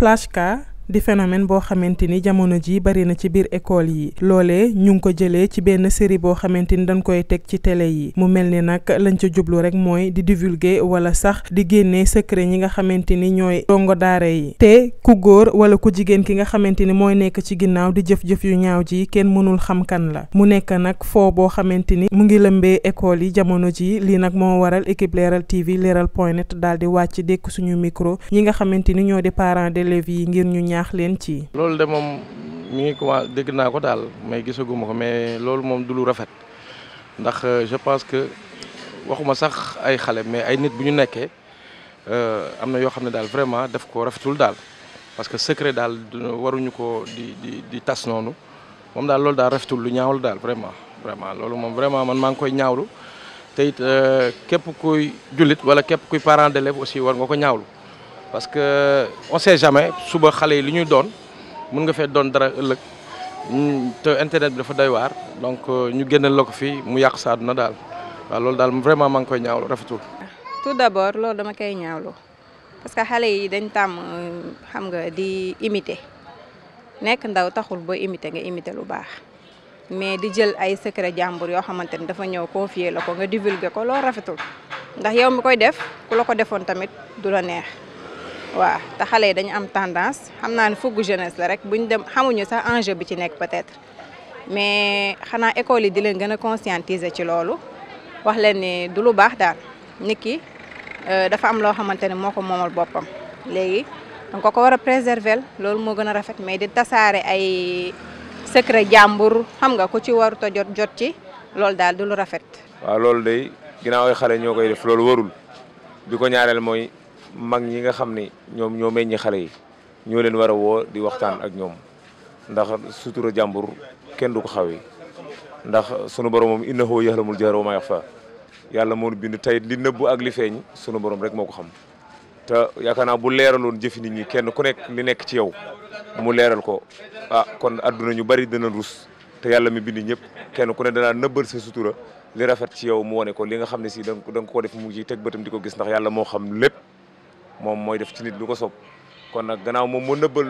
flashka di phénomène boo xamante ni jamono ji bari na ci biir école yi loolee ñu ngi ko jëlee ci benn série boo xamante ni dañ koy teg ci tele yi mu mel ni nag lañ ca jublu rek mooy di divulguer wala sax di génnee secret ñi nga xamante ni ñooy dongo daara yi te ku góor wala ku jigéen ki nga xamante ni mooy nekk ci ginnaaw di jëf-jëf yu ñaaw ji kenn mënul xam kan la mu nekk nag foo boo xamante ni mu ngi lëmbee école yi jamono ji lii nag moo waral équipe leeral point daal di wàcc dékk suñu micro ñi nga ñaax leen ci. loolu de moom mi ngi commencé dégg naa ko daal mais gisaguma ko mais loolu moom du lu rafet ndax euh, je pense que waxuma sax ay xale mais ay nit bu ñu nekkee euh, am na yoo xam ne daal vraiment def ko rafetul daal parce que secret daal waruñu ko di di tas noonu moom daal loolu daal rafetul lu ñaawlu daal vraiment vraiment loolu moom vraiment man maa ngi koy ñaawlu te it euh, képp kuy jullit wala képp kuy parent d'élève aussi war nga ko ñaawlu. parce que on sait suba xale yi lu ñuy doon mën nga fee doon dara ëllëg mm, te internet bi dafa doy waar donc euh, ñu génneel la ko fii mu yàq sa àdduna daal waaw loolu daal vraiment maa ngi koy ñaawlu rafetul. tout d'abord loolu dama koy ñaawlu parce que xale yi dañ tàmm euh, xam nga di imiter nekk ndaw taxul boo imiter nga imiter lu baax mais di jël ay secret jàmbur yoo xamante ni dafa ñëw confier la ko nga divulguer ko loolu rafetul ndax yow mi koy def ku la ko defoon tamit du la neex. waaw te xale yi dañu am tendance xam naa ne foogu jeunesse la rek buñ dem xamuñu sax enjeu bi ci nekk peut-être mais xanaa école yi di leen gën a conscientiser ci loolu wax leen ni du lu baax daal nit ki euh, dafa am loo xamante ne moo ko moomal boppam léegi danga ko ko war a préserver loolu moo gën a rafet mais di tasaare ay secret jàmbur xam nga ku ci warut a jot jot ci loolu daal du lu rafet. waaw loolu day ginnaaw ay xale ñoo koy def loolu warul bi ko ñaareel mooy. mag ñi nga xam ni ñoom ñoo meññi xale yi ñoo leen war a woo di waxtaan ak ñoom ndax sutura jàmbur kenn du ko xawee ndax sunu borom moom innahu yaxlamul jahra wa ma yaxfa yàlla moo bind tey li nëbbu ak li feeñ sunu borom rek moo ko xam te yaakaar naa bu leeraloon jëfi nit ñi kenn ku nekk li nekk ci yow mu leeral ko ah kon adduna ñu bari dana rus te yàlla mi bind ñëpp kenn ku ne danaa nëbbal sa sutura li rafet ci yow mu wone ko li nga xam ne si da nga ko def mu ngi ciy teg bëtam di ko gis ndax yàlla moo xam lépp. moom mooy def ci nit lu ko soob kon nag gannaaw moom moo nëbbal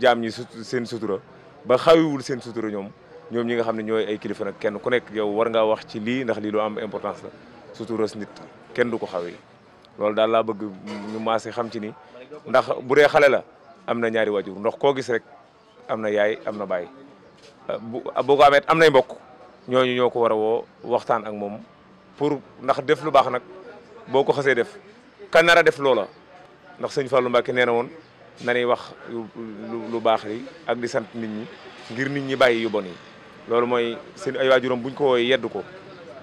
jaam ñi seen sutura ba xawiwul seen sutura ñoom ñoom ñi nga xam ne ñooy ay kilifa nag kenn ku nekk yow war ngaa wax ci lii ndax lii lu am importance la sutura si nit kenn du ko xawee loolu daal laa bëgg ñu maase xam ci ni ndax bu dee xale la am na ñaari waajur ndox koo gis rek am na yaay am na baay bu amee am nay mbokk ñooñu ñoo ko war a woo waxtaan ak moom pour ndax def lu baax nag boo ko xasee def ka def loola ndax sëñ Fallou Mbacke nee na woon nañuy wax lu baax li ak di sant nit ñi ngir nit ñi bàyyi yu bon yi loolu mooy seen ay waajuram buñ ko wooyee yedd ko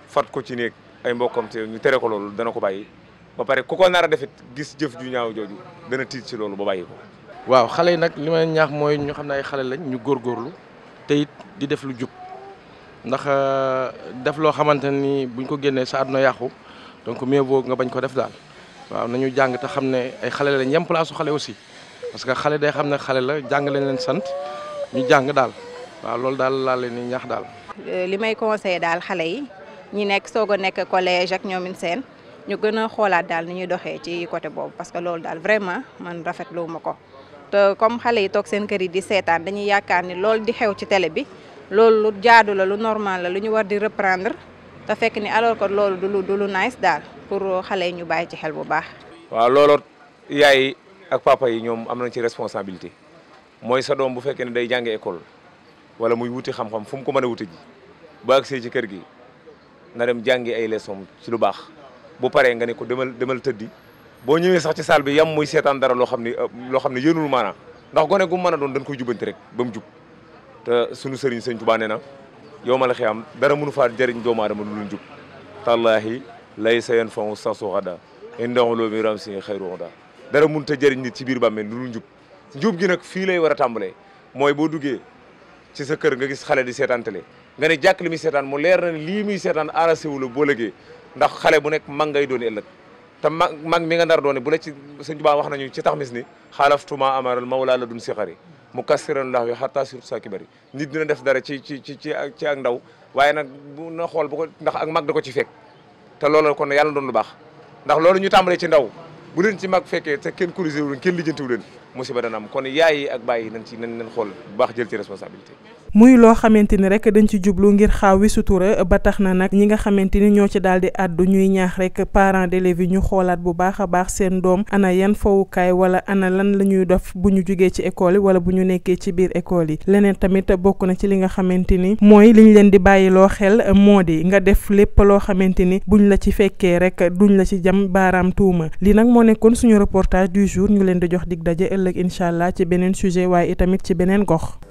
fat ko ci nekk ay mbokkam te ñu tere ko loolu dana ko bàyyi ba pare ko ko nar defit gis jëf ju ñaaw jooju dana tiit ci loolu ba bàyyi ko waaw xale yi nag li ñaax mooy ñu xam ne ay xale lañ ñu góorgóorlu te teyit di def lu jub ndax euh, def loo xamante nii buñ ko génnee sa àdduna yàqu donc mieux vaut nga bañ ko def daal waaw nañu jàng te xam ne ay xale lañ yem place su xale aussi parce que xale day xam ne xale la jàng lañ leen sant ñu jàng daal waaw loolu daal laa leen di ñaax daal. Euh, li may conseillé daal xale yi ñi nekk soog a nekk collège ak ñoomin seen ñu gën a xoolaat daal ni ñuy doxee ci côté boobu parce que loolu daal vraiment man rafetlu ma ko. te comme xale yi toog seen kër yi di seetaan dañuy yaakaar ni lool di xew ci télé bi loolu lu jaadu la lu normal la lu ñu war di reprendre te fekk ni alors que loolu du lu du lu nice daal. pour xale yi ñu bàyyi ci xel bu baax. waaw looloo yaay ak papa yi ñoom am nañ ci responsabilité mooy sa doom bu fekkee ne day jànge école wala muy wuti xam-xam fu mu ko mën a wuti ji ba agsee ci kër gi nga dem jàngi ay leçon ci lu baax bu paree nga ne ko demal demal tëddi boo ñëwee sax ci salle bi yam muy seetaan dara loo xam ne euh, loo xam ne yéenul maanaam ndax gone gu mu mën a doon dañ koy jubanti rek ba mu jub te sunu sëriñ sëñ Tuubaa nee na yow a la am dara mënu faa jëriñ doomu aadama lu dul jub tallaahi laysa yanfa'u sasu xada inda ulumi ramsi xayru da dara mënut a jëriñ nit ci biir bàmmeel lu dul njub njub gi nag fii lay war a tàmbalee mooy boo duggee ci sa kër nga gis xale di seetaantale nga ne jàkk li muy seetaan mu leer na lii muy seetaan arrasé wu la boo lëgee ndax xale bu nekk mag ngay doon ëllëg te mag mag mi nga nar doone bu la ci sëñ Tuubaa wax nañu ci tax mis ni xaalaftuma amaral mawla la dun sixari mu kassiran lax wi xataa sur sa kibari nit dina def dara ci ci ci ci ak ndaw waaye nag bu na xool bu ndax ak mag da ko ci fekk te loolu kon yàlla doon lu baax ndax loolu ñu tàmbalee ci ndaw bu leen ci mag fekkee te kenn corrigé wu leen kenn lijjanti wu leen musiba dana am kon yaay ak baay yi nañ ci nañ leen xool bu baax jël muy loo xamante ni rek dañ ci jublu ngir xaw wi sutura ba tax na nag ñi nga xamante ni ñoo ci daal di àddu ñuy ñaax rek parents d'élèves yi ñu xoolaat bu baax a baax seen doom ana yan fowukaay wala ana lan la ñuy def bu ñu jugee ci école yi wala bu ñu nekkee ci biir école yi leneen tamit bokk na ci li nga xamante ni mooy ñu leen di bàyyi loo xel moo di nga def lépp loo xamante ni ñu la ci fekkee rek duñ la ci jam baaraam tuuma li nag moo nekkoon suñu reportage du jour ñu leen di jox dig ëllëg incha allah ci beneen sujet waaye itamit ci beneen gox.